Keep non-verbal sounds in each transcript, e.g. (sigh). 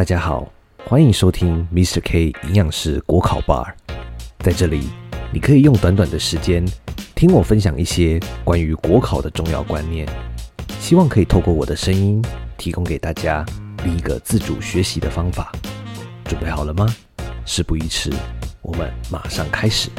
大家好，歡迎收聽 Mr. K 營養師國考 Bar，在這裡你可以用短短的時間聽我分享一些關於國考的重要觀念，希望可以透過我的聲音提供給大家另一個自主學習的方法。準備好了嗎？事不宜遲，我們馬上開始。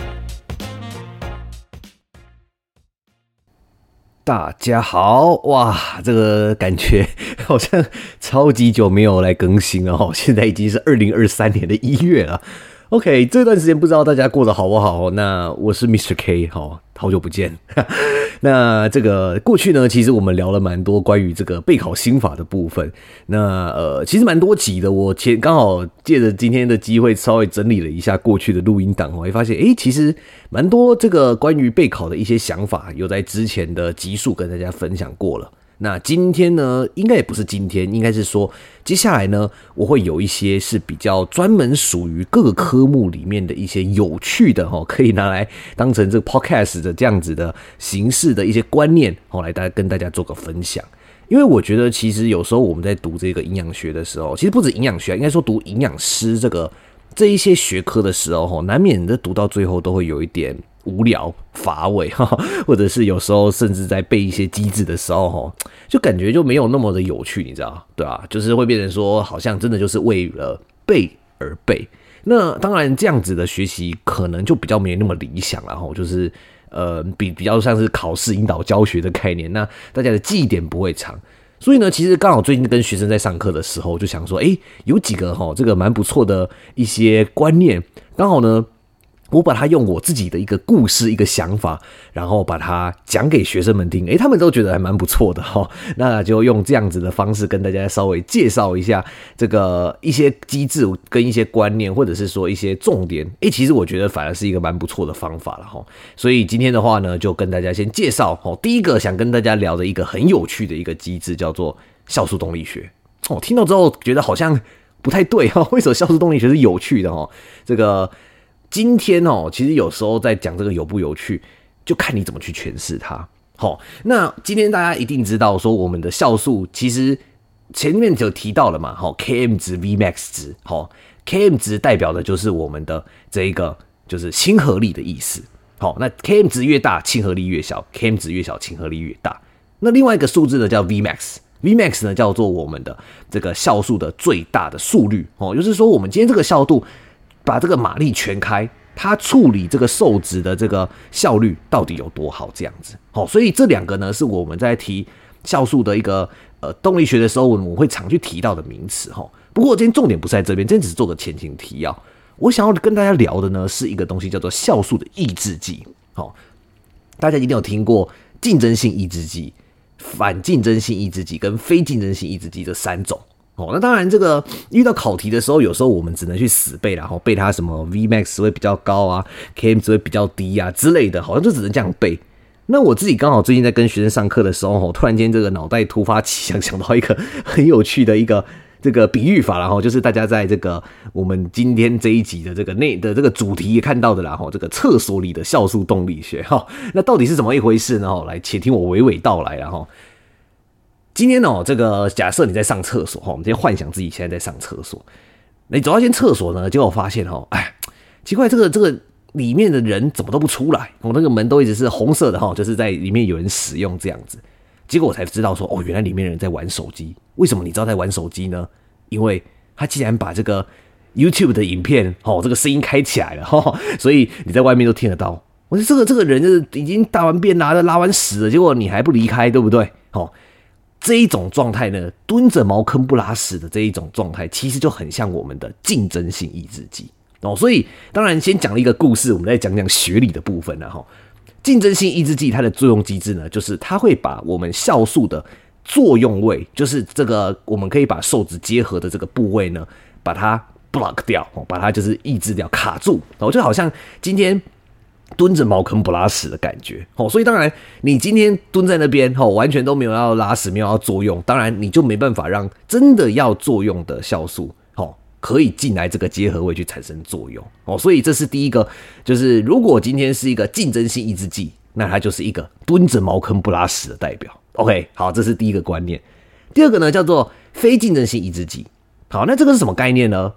大家好！哇，這個感覺好像超級久沒有來更新了哦，現在已經是二零二三年的一月了。OK，這段時間不知道大家過得好不好？那我是 Mr. K，好，好久不見。 (laughs) 那這個過去呢，其實我們聊了蠻多關於這個備考心法的部分。那呃，其實蠻多集的，我前剛好借着今天的機會，稍微整理了一下過去的錄音檔，我會發現，誒，其實蠻多這個關於備考的一些想法，有在之前的集數跟大家分享過了。那今天呢，應該也不是今天，應該是說接下來呢，我會有一些是比較專門屬於各個科目裡面的一些有趣的哈，可以拿來當成這個 podcast 的這樣子的形式的一些觀念，後來大家跟大家做個分享。因為我覺得其實有時候我們在讀這個營養學的時候，其實不止營養學啊，應該說讀營養師這個這一些學科的時候，難免的讀到最後都會有一點。無聊乏味，哈，或者是有時候甚至在背一些機制的時候，吼就感覺就沒有那麼的有趣，你知道，對吧？就是會變成說，好像真的就是為了背而背。那當然，這樣子的學習可能就比較沒有那麼理想了，哈，就是呃，比比較像是考試引導教學的概念，那大家的記憶點不會長。所以呢，其實剛好最近跟學生在上課的時候，就想說，誒，有幾個吼這個蠻不錯的一些觀念，剛好呢。我把它用我自己的一個故事、一個想法，然後把它講給學生們聽。誒，他們都覺得還蠻不錯的哦。那就用這樣子的方式跟大家稍微介紹一下這個一些機制跟一些觀念，或者是說一些重點。誒，其實我覺得反而是一個蠻不錯的方法了哦。所以今天的話呢，就跟大家先介紹哦。第一個想跟大家聊的一個很有趣的一個機制，叫做酵素動力學。哦，聽到之後覺得好像不太對哦。為什麼酵素動力學是有趣的哦？這個。今天哦，其實有時候在講這個有不有趣，就看你怎麼去詮釋它。好、哦，那今天大家一定知道說我們的酵素其實前面就提到了嘛。哦、Km 值、Vmax 值。好、哦，Km 值代表的就是我們的這一個就是親和力的意思。好、哦，那 Km 值越大，親和力越小；Km 值越小，親和力越大。那另外一個數字呢叫 Vmax，Vmax 呢叫做我們的這個酵素的最大的速率。哦，就是說我們今天這個效度。把這個馬力全開，它處理這個受質的這個效率到底有多好？這樣子，好，所以這兩個呢，是我們在提酵素的一個呃動力學的時候，我們會常去提到的名詞，哈。不過今天重點不是在這邊，今天只是做個前情提要。我想要跟大家聊的呢，是一個東西叫做酵素的抑制劑。好，大家一定有聽過競爭性抑制劑、反競爭性抑制劑跟非競爭性抑制劑這三種。那當然，這個遇到考題的時候，有時候我們只能去死背然後背它什麼 Vmax 會比較高啊，Km 會比較低啊之類的，好像就只能這樣背。那我自己剛好最近在跟學生上課的時候，吼，突然間這個腦袋突發奇想，想到一個很有趣的一個這個比喻法然後就是大家在這個我們今天這一集的這個內的這個主題也看到的了，吼，這個廁所裡的酵素動力學，哈，那到底是怎麼一回事呢？來，且聽我娓娓道來，然後。今天哦、喔，這個假設你在上廁所哈，我們直接幻想自己現在在上廁所。你走到一間廁所呢，結果我發現哦、喔，哎，奇怪，這個這個裡面的人怎麼都不出來？我、喔、那個門都一直是紅色的哈、喔，就是在裡面有人使用這樣子。結果我才知道說，哦、喔，原來裡面的人在玩手機。為什麼你知道在玩手機呢？因為他竟然把這個 YouTube 的影片哦、喔，這個聲音開起來了哈、喔，所以你在外面都聽得到。我、喔、說這個這個人就是已經大完便啦，拉完屎了，結果你還不離開，對不對？好、喔。這一種狀態呢，蹲着茅坑不拉屎的這一種狀態，其實就很像我們的競爭性抑制劑哦。所以當然先講了一個故事，我們再講講學理的部分呢、啊、哈。競爭性抑制劑它的作用機制呢，就是它會把我們酵素的作用位，就是這個我們可以把受質結合的這個部位呢，把它 block 掉，把它就是抑制掉、卡住。然後就好像今天，蹲着茅坑不拉屎的感覺，哦，所以當然你今天蹲在那邊，哦，完全都沒有要拉屎，沒有要作用，當然你就沒辦法讓真的要作用的酵素，哦，可以進來這個結合位去產生作用，哦，所以這是第一個，就是如果今天是一個競爭性抑制劑，那它就是一個蹲着茅坑不拉屎的代表。OK，好，這是第一個觀念。第二個呢，叫做非競爭性抑制劑。好，那這個是什麼概念呢？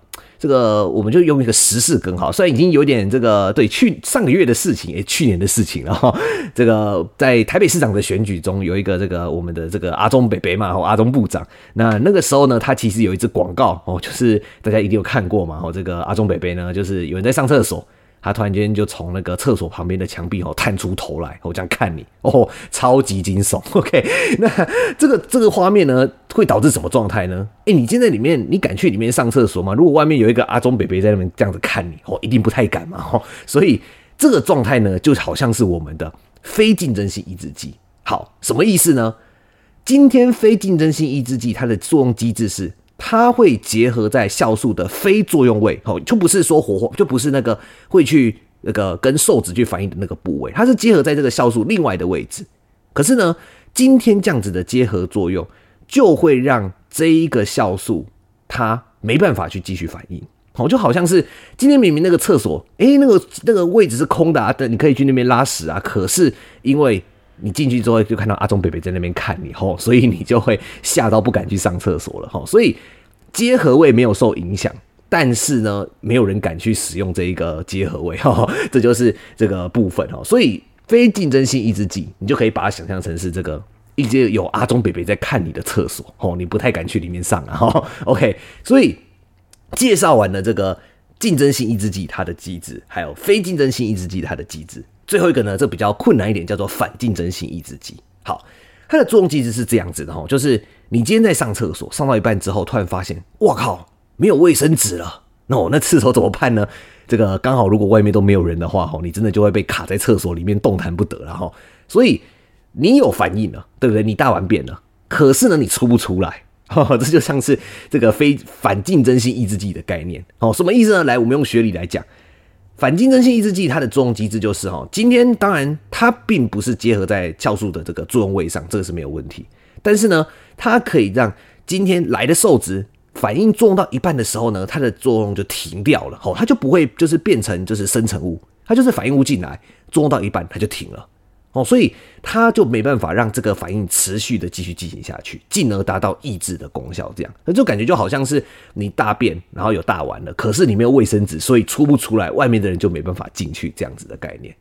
這個我們就用一個時事梗好，雖然已經有點這個對去上個月的事情，誒、欸，去年的事情了哈。這個在台北市長的選舉中，有一個這個我們的這個阿中北北嘛，阿、啊、中部長。那那個時候呢，他其實有一支廣告哦，就是大家一定有看過嘛，這個阿中北北呢，就是有人在上廁所。他突然間就從那個廁所旁邊的牆壁後探出頭來，我這樣看你哦，超級驚悚。OK，那這個這個畫面呢會導致什麼狀態呢？哎、欸，你現在裡面你敢去裡面上廁所嗎？如果外面有一個阿中北北在那邊這樣子看你，哦，一定不太敢嘛。哈、哦，所以這個狀態呢就好像是我們的非競爭性抑制劑。好，什麼意思呢？今天非競爭性抑制劑它的作用機制是。它會結合在酵素的非作用位，好，就不是說活化，就不是那個會去那個跟受體去反應的那個部位，它是結合在這個酵素另外的位置。可是呢，今天這樣子的結合作用就會讓這一個酵素它沒辦法去繼續反應，好，就好像是今天明明那個廁所，誒，那個那個位置是空的，啊，等你可以去那邊拉屎啊，可是因為。你進去之後就看到阿中北北在那邊看你吼，所以你就會嚇到不敢去上廁所了哈。所以結合位沒有受影響，但是呢，沒有人敢去使用這一個結合位哈，這就是這個部分哈。所以非競爭性抑制劑，你就可以把它想象成是這個一直有阿中北北在看你的廁所哦，你不太敢去裡面上哈、啊。OK，所以介紹完了這個競爭性抑制劑它的機制，還有非競爭性抑制劑它的機制。最後一個呢，這比較困難一點，叫做反競爭性抑制劑。好，它的作用機制是這樣子的哈，就是你今天在上廁所，上到一半之後，突然發現，哇靠，沒有衛生紙了，哦、那我那廁所怎麼判呢？這個剛好如果外面都沒有人的話哈，你真的就會被卡在廁所裡面動彈不得了哈。所以你有反應了，對不對？你大完便了，可是呢，你出不出來，呵呵這就像是這個非反競爭性抑制劑的概念。哦，什麼意思呢？來，我們用學理來講。反競爭性抑制劑，它的作用機制就是哈，今天當然它並不是結合在酵素的這個作用位上，這個是沒有問題。但是呢，它可以讓今天來的受質反應作用到一半的時候呢，它的作用就停掉了，吼，它就不會就是變成就是生成物，它就是反應物進來作用到一半，它就停了。哦，所以它就沒辦法讓這個反應持續的繼續進行下去，進而達到抑制的功效。這樣，那就感覺就好像是你大便，然後有大完了，可是你沒有衛生紙，所以出不出來，外面的人就沒辦法進去這樣子的概念。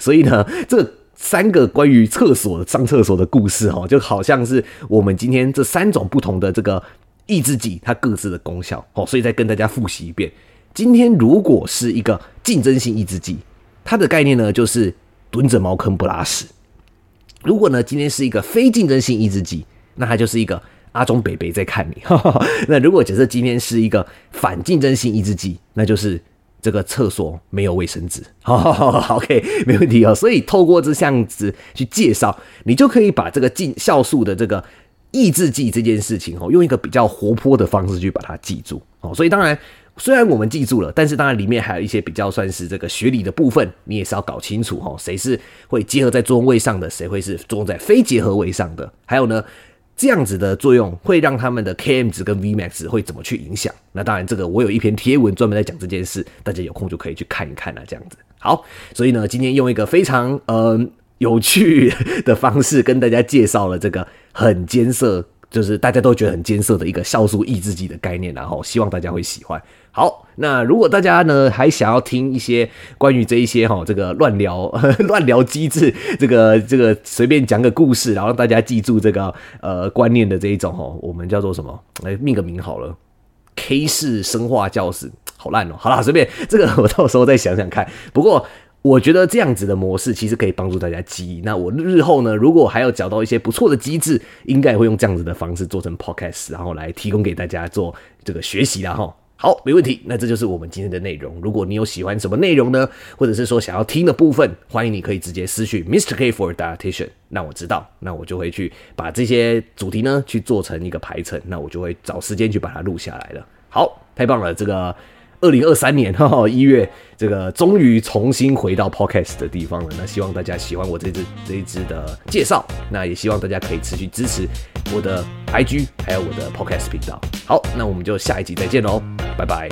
所以呢，這三個關於廁所上廁所的故事，哈，就好像是我們今天這三種不同的這個抑制劑它各自的功效。哦，所以再跟大家複習一遍，今天如果是一個競爭性抑制劑，它的概念呢就是。蹲着茅坑不拉屎。如果呢，今天是一個非競爭性抑制劑，那它就是一個阿中北北在看你。 (laughs) 那如果假設今天是一個反競爭性抑制劑，那就是這個廁所沒有衛生紙。 (laughs) OK，沒問題哦。所以透過這樣子去介紹，你就可以把這個進酵素的這個抑制劑這件事情哦，用一個比較活潑的方式去把它記住哦。所以當然。雖然我們記住了，但是當然裡面還有一些比較算是這個學理的部分，你也是要搞清楚齁，誰是會結合在中位上的，誰會是作用在非結合位上的，還有呢，這樣子的作用會讓他們的 Km 值跟 Vmax 值會怎麼去影響？那當然這個我有一篇貼文專門在講這件事，大家有空就可以去看一看啊。這樣子，好，所以呢，今天用一個非常嗯有趣的方式跟大家介紹了這個很艱澀。就是大家都覺得很艱澀的一個酵素抑制劑的概念、啊，然後希望大家會喜歡。好，那如果大家呢，還想要聽一些關於這一些哈、喔、這個亂聊亂聊機制，這個這個隨便講個故事，然後讓大家記住這個呃觀念的這一種哈、喔，我們叫做什麼？來、欸、命個名好了，K 式生化教室，好爛哦、喔。好啦，隨便這個我到時候再想想看。不過。我覺得這樣子的模式其實可以幫助大家記憶。那我日後呢，如果還要找到一些不錯的機制，應該會用這樣子的方式做成 podcast，然後來提供給大家做這個學習啦。哈。好，沒問題。那這就是我們今天的內容。如果你有喜歡什麼內容呢，或者是說想要聽的部分，歡迎你可以直接私訊 Mr. K for dietitian 那我知道，那我就會去把這些主題呢去做成一個排程，那我就會找時間去把它錄下來了。好，太棒了，這個。二零二三年一月，這個終於重新回到 Podcast 的地方了。那希望大家喜歡我這支這一支的介紹，那也希望大家可以持續支持我的 IG，還有我的 Podcast 頻道。好，那我們就下一集再見嘍，拜拜。